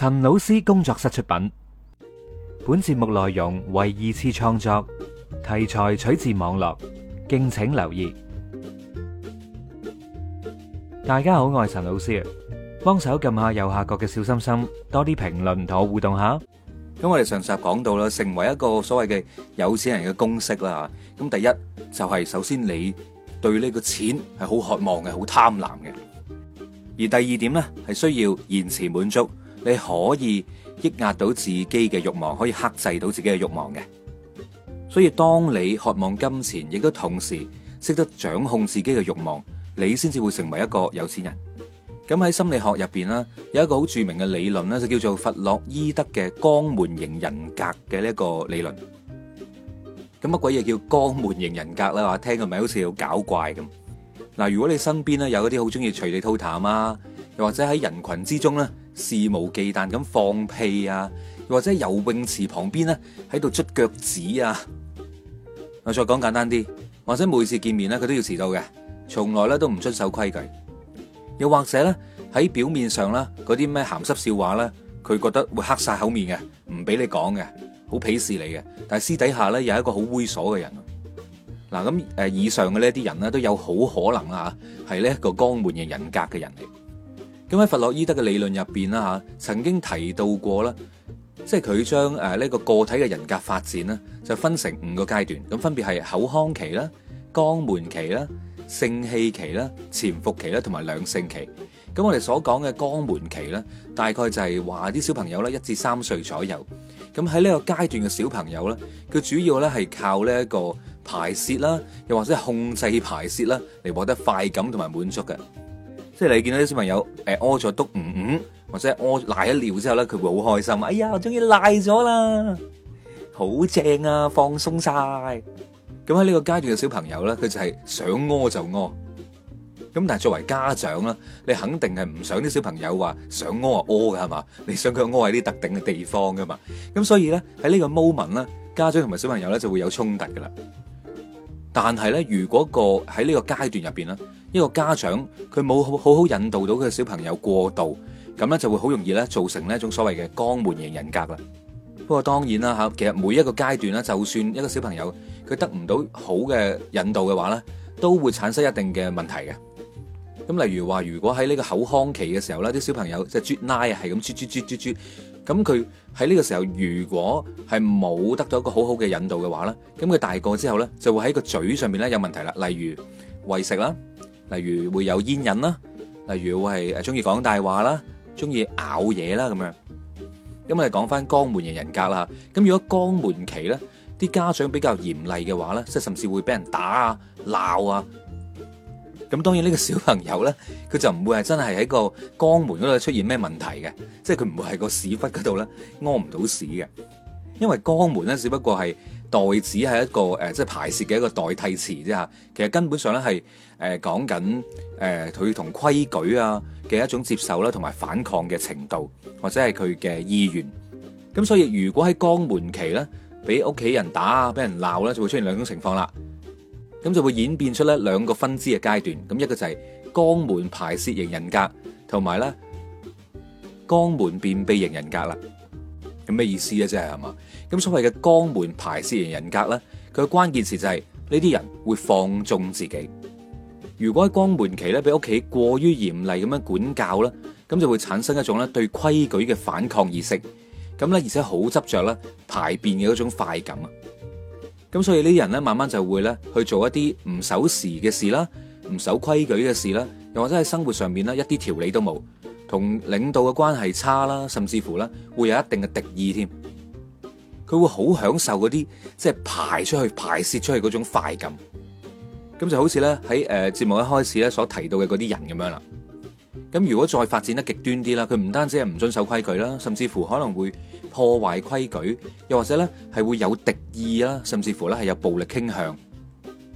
陳老師工作室出品，本節目內容為二次創作，題材取自網絡，敬請留意。大家好，我係陳老師，幫手撳下右下角嘅小心心，多啲評論同我互動下。咁我哋上集講到啦，成為一個所謂嘅有錢人嘅公式啦。咁第一就係首先你對呢個錢係好渴望嘅，好貪婪嘅。而第二點呢，係需要延遲滿足。你可以抑壓到自己嘅慾望，可以克制到自己嘅慾望嘅。所以當你渴望金錢，亦都同時識得掌控自己嘅慾望，你先至會成為一個有錢人。咁喺心理學入邊啦，有一個好著名嘅理論呢就叫做弗洛伊德嘅江門型人格肛門型人格嘅呢個理論。咁乜鬼嘢叫江門型人格肛門型人格啦？聽佢咪好似好搞怪咁。嗱，如果你身邊咧有一啲好中意隨地吐痰啊，又或者喺人群之中咧。肆無忌憚咁放屁啊，又或者喺游泳池旁邊咧喺度捽腳趾啊，我再講簡單啲，或者每次見面咧佢都要遲到嘅，從來咧都唔遵守規矩，又或者咧喺表面上咧嗰啲咩鹹濕笑話咧，佢覺得會黑晒口面嘅，唔俾你講嘅，好鄙視你嘅，但係私底下咧又係一個好猥瑣嘅人，嗱咁誒以上嘅呢啲人咧都有好可能啦吓，係呢一個肛門型人格嘅人嚟。咁喺佛洛依德嘅理論入邊啦嚇，曾經提到過啦，即係佢將誒呢一個個體嘅人格發展咧，就分成五個階段，咁分別係口腔期啦、肛門期啦、性器期啦、潛伏期啦同埋兩性期。咁我哋所講嘅肛門期咧，大概就係話啲小朋友咧一至三歲左右，咁喺呢個階段嘅小朋友咧，佢主要咧係靠呢一個排泄啦，又或者控制排泄啦，嚟獲得快感同埋滿足嘅。即係你見到啲小朋友，誒屙咗督五，或者係屙瀨一尿之後咧，佢會好開心，哎呀，我終於瀨咗啦，好正啊，放鬆晒。咁喺呢個階段嘅小朋友咧，佢就係想屙就屙。咁但係作為家長咧，你肯定係唔想啲小朋友話想屙啊屙噶係嘛，你想佢屙喺啲特定嘅地方噶嘛。咁所以咧喺呢個 moment 咧，家長同埋小朋友咧就會有衝突噶啦。但係咧，如果個喺呢個階段入邊咧。一個家長佢冇好好好引導到佢嘅小朋友過度，咁咧就會好容易咧造成呢一種所謂嘅肛門型人格啦。不過當然啦吓，其實每一個階段咧，就算一個小朋友佢得唔到好嘅引導嘅話咧，都會產生一定嘅問題嘅。咁例如話，如果喺呢個口腔期嘅時候咧，啲小朋友即係啜奶啊，係咁啜啜啜啜啜，咁佢喺呢個時候如果係冇得到一個好好嘅引導嘅話咧，咁佢大個之後咧就會喺個嘴上面咧有問題啦，例如喂食啦。例如會有煙癮啦，例如會係誒中意講大話啦，中意咬嘢啦咁樣。咁我哋講翻肛門嘅人格啦。咁如果肛門期咧，啲家長比較嚴厲嘅話咧，即係甚至會俾人打啊、鬧啊。咁當然呢個小朋友咧，佢就唔會係真係喺個肛門嗰度出現咩問題嘅，即係佢唔會喺個屎忽嗰度咧屙唔到屎嘅，因為肛門咧只不過係。代指係一個誒，即係排泄嘅一個代替詞啫嚇。其實根本上咧係誒講緊誒佢同規矩啊嘅一種接受啦，同埋反抗嘅程度，或者係佢嘅意願。咁所以如果喺肛門期咧，俾屋企人打啊，俾人鬧咧，就會出現兩種情況啦。咁就會演變出咧兩個分支嘅階段。咁一個就係肛門排泄型人格，同埋咧肛門便秘型人格啦。有咩意思啊？即係係嘛？咁所謂嘅肛門排泄型人格咧，佢嘅關鍵詞就係呢啲人會放縱自己。如果喺肛門期咧，俾屋企過於嚴厲咁樣管教啦，咁就會產生一種咧對規矩嘅反抗意識。咁咧，而且好執着啦，排便嘅嗰種快感啊。咁所以呢啲人咧，慢慢就會咧去做一啲唔守時嘅事啦，唔守規矩嘅事啦，又或者喺生活上面呢，一啲條理都冇。同領導嘅關係差啦，甚至乎咧會有一定嘅敵意添。佢會好享受嗰啲即係排出去、排泄出去嗰種快感。咁就好似咧喺誒節目一開始咧所提到嘅嗰啲人咁樣啦。咁如果再發展得極端啲啦，佢唔單止係唔遵守規矩啦，甚至乎可能會破壞規矩，又或者咧係會有敵意啦，甚至乎咧係有暴力傾向。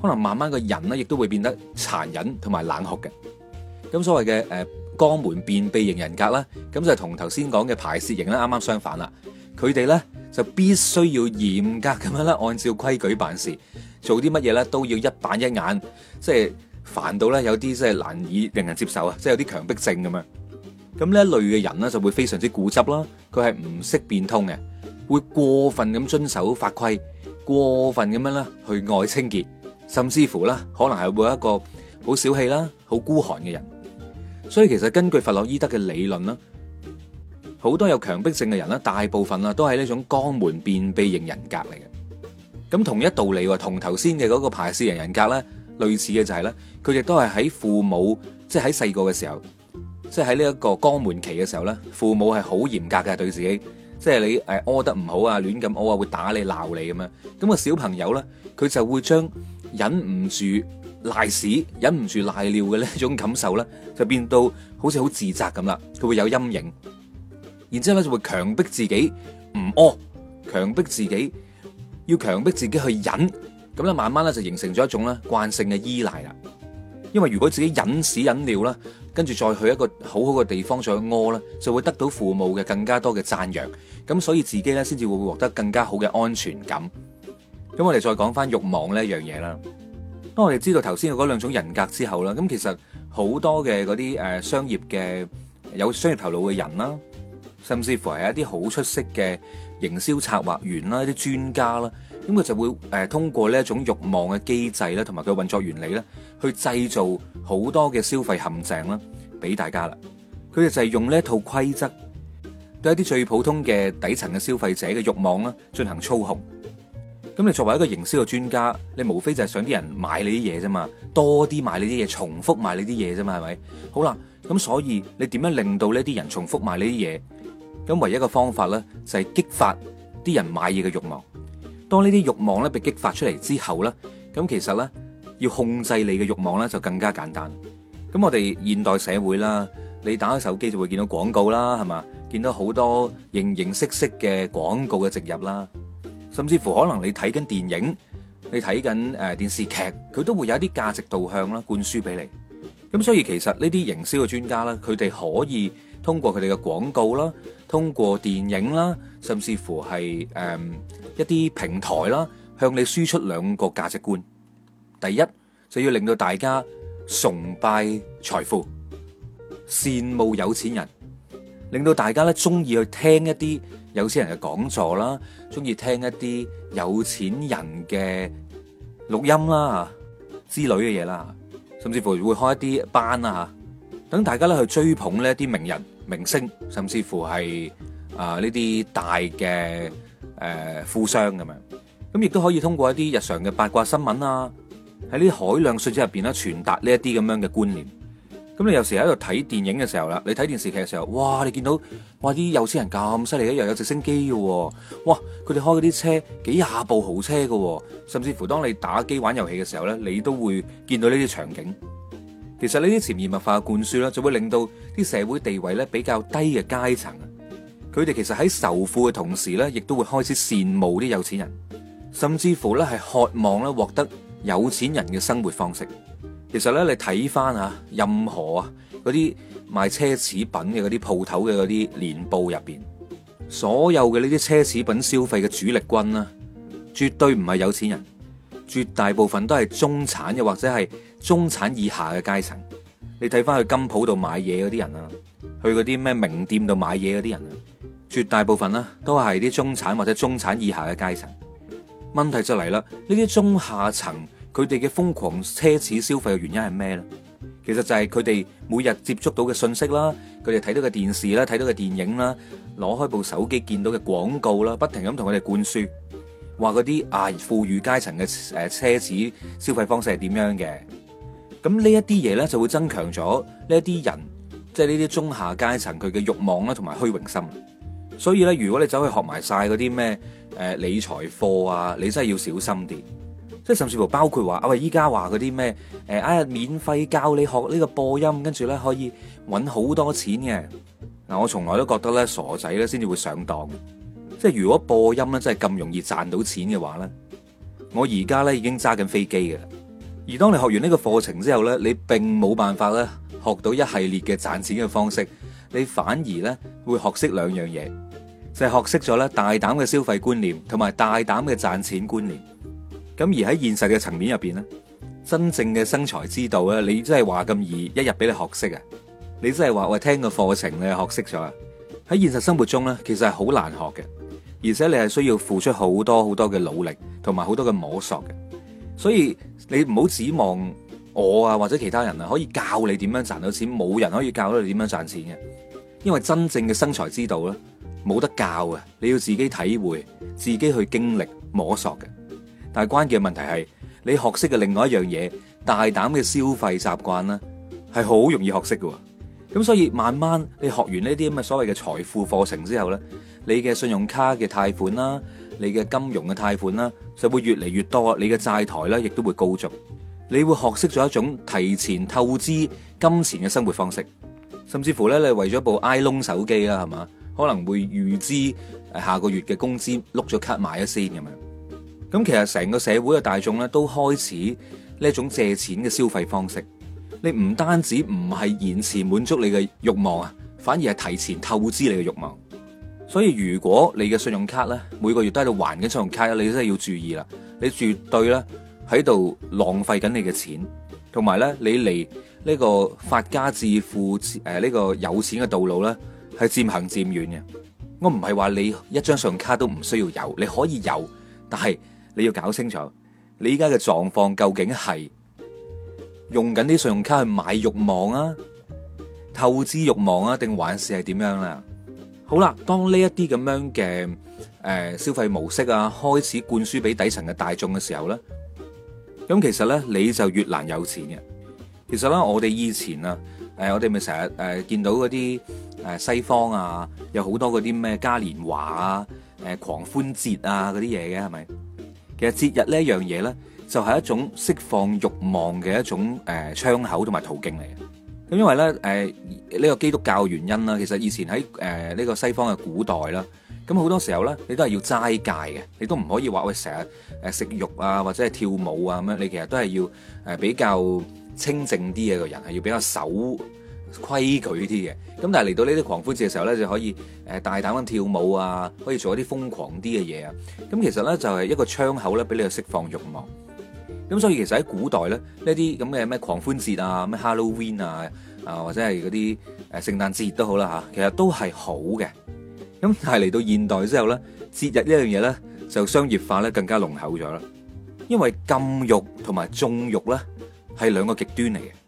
可能慢慢個人咧亦都會變得殘忍同埋冷酷嘅。咁所謂嘅誒。肛門便秘型人格啦，咁就同頭先講嘅排泄型啦，啱啱相反啦。佢哋咧就必須要嚴格咁樣啦，按照規矩辦事，做啲乜嘢咧都要一板一眼，即係煩到咧有啲即係難以令人接受啊，即係有啲強迫症咁樣。咁呢一類嘅人咧就會非常之固執啦，佢係唔識變通嘅，會過分咁遵守法規，過分咁樣啦去愛清潔，甚至乎咧可能係會一個好小氣啦、好孤寒嘅人。所以其實根據佛洛依德嘅理論啦，好多有強迫症嘅人咧，大部分啊都係呢種肛門便秘型人格嚟嘅。咁同一道理，同頭先嘅嗰個排泄型人格咧，類似嘅就係、是、咧，佢亦都係喺父母即係喺細個嘅時候，即係喺呢一個肛門期嘅時候咧，父母係好嚴格嘅對自己，即、就、係、是、你誒、呃、屙得唔好啊，亂咁屙啊，會打你鬧你咁樣。咁、那個小朋友咧，佢就會將忍唔住。賴屎忍唔住賴尿嘅呢種感受咧，就變到好似好自責咁啦，佢會有陰影，然之後咧就會強逼自己唔屙，強逼自己要強迫自己去忍，咁咧慢慢咧就形成咗一種咧慣性嘅依賴啦。因為如果自己忍屎忍尿啦，跟住再去一個好好嘅地方再去屙啦，就會得到父母嘅更加多嘅讚揚，咁所以自己咧先至會獲得更加好嘅安全感。咁我哋再講翻欲望呢一樣嘢啦。當我哋知道頭先嘅嗰兩種人格之後啦，咁其實好多嘅嗰啲誒商業嘅有商業頭腦嘅人啦，甚至乎係一啲好出色嘅營銷策劃員啦、一啲專家啦，咁佢就會誒通過呢一種欲望嘅機制啦，同埋佢運作原理咧，去製造好多嘅消費陷阱啦，俾大家啦，佢哋就係用呢一套規則，對一啲最普通嘅底層嘅消費者嘅欲望啦進行操控。咁你作為一個營銷嘅專家，你無非就係想啲人買你啲嘢啫嘛，多啲買你啲嘢，重複買你啲嘢啫嘛，係咪？好啦，咁所以你點樣令到呢啲人重複買呢啲嘢？咁唯一嘅方法咧，就係激發啲人買嘢嘅欲望。當呢啲欲望咧被激發出嚟之後咧，咁其實咧要控制你嘅欲望咧就更加簡單。咁我哋現代社會啦，你打開手機就會見到廣告啦，係嘛？見到好多形形色色嘅廣告嘅植入啦。甚至乎可能你睇緊電影，你睇緊誒電視劇，佢都會有一啲價值導向啦，灌輸俾你。咁所以其實呢啲營銷嘅專家咧，佢哋可以通過佢哋嘅廣告啦，通過電影啦，甚至乎係誒一啲平台啦，向你輸出兩個價值觀。第一就要令到大家崇拜財富，羨慕有錢人，令到大家咧中意去聽一啲。有錢人嘅講座啦，中意聽一啲有錢人嘅錄音啦，之類嘅嘢啦，甚至乎會開一啲班啊，等大家咧去追捧呢一啲名人、明星，甚至乎係啊呢啲大嘅誒、呃、富商咁樣，咁亦都可以通過一啲日常嘅八卦新聞啊，喺呢啲海量信息入邊咧傳達呢一啲咁樣嘅觀念。咁你有時喺度睇電影嘅時候啦，你睇電視劇嘅時候，哇！你見到，哇，啲有錢人咁犀利一又有直升機嘅，哇！佢哋開嗰啲車幾廿部豪車嘅，甚至乎當你打機玩遊戲嘅時候咧，你都會見到呢啲場景。其實呢啲潛移默化嘅灌輸咧，就會令到啲社會地位咧比較低嘅階層，佢哋其實喺仇富嘅同時咧，亦都會開始羨慕啲有錢人，甚至乎咧係渴望咧獲得有錢人嘅生活方式。其實咧，你睇翻啊，任何啊嗰啲賣奢侈品嘅嗰啲鋪頭嘅嗰啲年報入邊，所有嘅呢啲奢侈品消費嘅主力軍啦，絕對唔係有錢人，絕大部分都係中產又或者係中產以下嘅階層。你睇翻去金鋪度買嘢嗰啲人啊，去嗰啲咩名店度買嘢嗰啲人啊，絕大部分啦都係啲中產或者中產以下嘅階層。問題就嚟啦，呢啲中下層。佢哋嘅瘋狂奢侈消費嘅原因係咩咧？其實就係佢哋每日接觸到嘅信息啦，佢哋睇到嘅電視啦，睇到嘅電影啦，攞開部手機見到嘅廣告啦，不停咁同佢哋灌輸，話嗰啲啊富裕階層嘅誒奢侈消費方式係點樣嘅。咁呢一啲嘢咧就會增強咗呢一啲人，即係呢啲中下階層佢嘅慾望啦，同埋虛榮心。所以咧，如果你走去學埋晒嗰啲咩誒理財課啊，你真係要小心啲。即甚至乎包括話啊喂，依家話嗰啲咩誒呀，免費教你學呢個播音，跟住咧可以搵好多錢嘅。嗱，我從來都覺得咧，傻仔咧先至會上當。即係如果播音咧真係咁容易賺到錢嘅話咧，我而家咧已經揸緊飛機嘅。而當你學完呢個課程之後咧，你並冇辦法咧學到一系列嘅賺錢嘅方式，你反而咧會學識兩樣嘢，就係學識咗咧大膽嘅消費觀念同埋大膽嘅賺錢觀念。咁而喺現實嘅層面入邊咧，真正嘅生財之道咧，你真係話咁易，一日俾你學識啊？你真係話喂，聽個課程你學識咗啊？喺現實生活中咧，其實係好難學嘅，而且你係需要付出好多好多嘅努力，同埋好多嘅摸索嘅。所以你唔好指望我啊，或者其他人啊，可以教你點樣賺到錢。冇人可以教到你點樣賺錢嘅，因為真正嘅生財之道咧，冇得教嘅，你要自己體會，自己去經歷，摸索嘅。但係關鍵嘅問題係，你學識嘅另外一樣嘢，大膽嘅消費習慣咧，係好容易學識嘅。咁所以慢慢你學完呢啲咁嘅所謂嘅財富課程之後呢，你嘅信用卡嘅貸款啦，你嘅金融嘅貸款啦，就會越嚟越多，你嘅債台咧亦都會高築。你會學識咗一種提前透支金錢嘅生活方式，甚至乎呢，你為咗部 iPhone 手機啦，係嘛，可能會預支下個月嘅工資碌咗卡買咗先咁樣。咁其實成個社會嘅大眾咧都開始呢種借錢嘅消費方式，你唔單止唔係延遲滿足你嘅慾望啊，反而係提前透支你嘅慾望。所以如果你嘅信用卡咧每個月都喺度還緊信用卡，你真係要注意啦，你絕對咧喺度浪費緊你嘅錢，同埋咧你嚟呢個發家致富誒呢個有錢嘅道路咧係漸行漸遠嘅。我唔係話你一張信用卡都唔需要有，你可以有，但係，你要搞清楚，你依家嘅狀況究竟係用緊啲信用卡去買慾望啊，透支慾望啊，定還是係點樣啦？好啦，當呢一啲咁樣嘅誒、呃、消費模式啊，開始灌輸俾底層嘅大眾嘅時候咧，咁其實咧你就越難有錢嘅。其實咧，我哋以前啊，誒、呃，我哋咪成日誒見到嗰啲誒西方啊，有好多嗰啲咩嘉年華啊，誒、呃、狂歡節啊嗰啲嘢嘅係咪？其實節日呢一樣嘢咧，就係一種釋放慾望嘅一種誒窗口同埋途徑嚟嘅。咁因為咧誒呢、這個基督教原因啦，其實以前喺誒呢個西方嘅古代啦，咁好多時候咧，你都係要齋戒嘅，你都唔可以話喂成日誒食肉啊或者係跳舞啊咁樣，你其實都係要誒比較清靜啲嘅個人係要比較守。規矩啲嘅，咁但係嚟到呢啲狂歡節嘅時候咧，就可以誒大膽咁跳舞啊，可以做一啲瘋狂啲嘅嘢啊。咁其實咧，就係一個窗口咧，俾你去釋放慾望。咁所以其實喺古代咧，呢啲咁嘅咩狂歡節啊，咩 Halloween 啊，啊或者係嗰啲誒聖誕節都好啦吓，其實都係好嘅。咁但係嚟到現代之後咧，節日呢樣嘢咧就商業化咧更加濃厚咗啦。因為禁慾同埋縱慾咧，係兩個極端嚟嘅。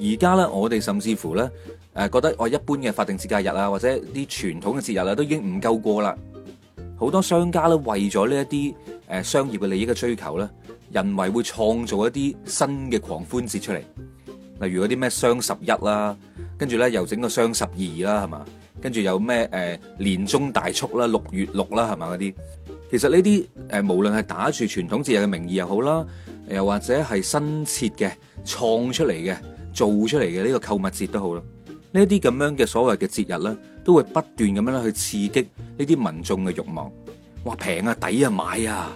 而家咧，我哋甚至乎咧，誒，覺得我一般嘅法定節假日啊，或者啲傳統嘅節日啊，都已經唔夠過啦。好多商家咧，為咗呢一啲誒商業嘅利益嘅追求咧，人為會創造一啲新嘅狂歡節出嚟，例如嗰啲咩雙十一啦，跟住咧又整個雙十二啦，係嘛，跟住有咩誒年終大促啦、六月六啦，係嘛嗰啲。其實呢啲誒，無論係打住傳統節日嘅名義又好啦，又或者係新設嘅、創出嚟嘅。做出嚟嘅呢個購物節都好啦，呢一啲咁樣嘅所謂嘅節日咧，都會不斷咁樣咧去刺激呢啲民眾嘅欲望。哇，平啊，抵啊，買啊！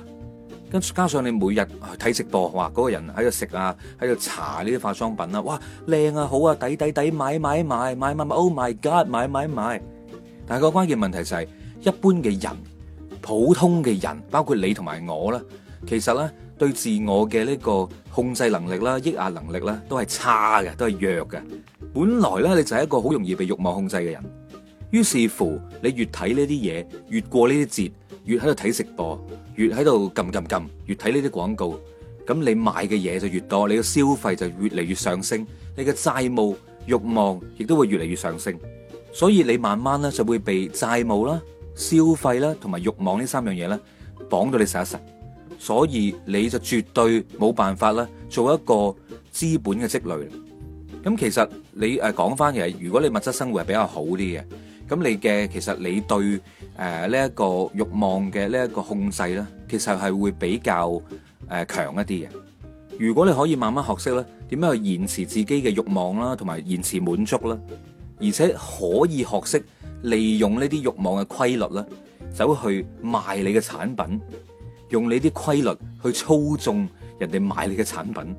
跟住加上你每日去睇直播，話嗰個人喺度食啊，喺度搽呢啲化妝品啦，哇，靚啊，好啊，抵抵抵，買買買，買買買，買，Oh my god，買買買，買！但係個關鍵問題就係、是，一般嘅人，普通嘅人，包括你同埋我啦，其實咧。對自我嘅呢個控制能力啦、抑壓能力啦，都係差嘅，都係弱嘅。本來咧，你就係一個好容易被欲望控制嘅人。於是乎，你越睇呢啲嘢，越過呢啲節，越喺度睇直播，越喺度撳撳撳，越睇呢啲廣告，咁你買嘅嘢就越多，你嘅消費就越嚟越上升，你嘅債務、欲望亦都會越嚟越上升。所以你慢慢咧就會被債務啦、消費啦同埋欲望呢三樣嘢呢綁到你實一實。所以你就絕對冇辦法啦，做一個資本嘅積累。咁其實你誒講翻嘅係，如果你物質生活係比較好啲嘅，咁你嘅其實你對誒呢一個欲望嘅呢一個控制咧，其實係會比較誒、呃、強一啲嘅。如果你可以慢慢學識咧，點樣去延遲自己嘅欲望啦，同埋延遲滿足啦，而且可以學識利用呢啲欲望嘅規律啦，走去賣你嘅產品。用你啲規律去操縱人哋買你嘅產品，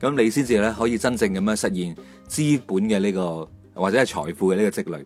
咁你先至咧可以真正咁樣實現資本嘅呢個，或者係財富嘅呢個積累。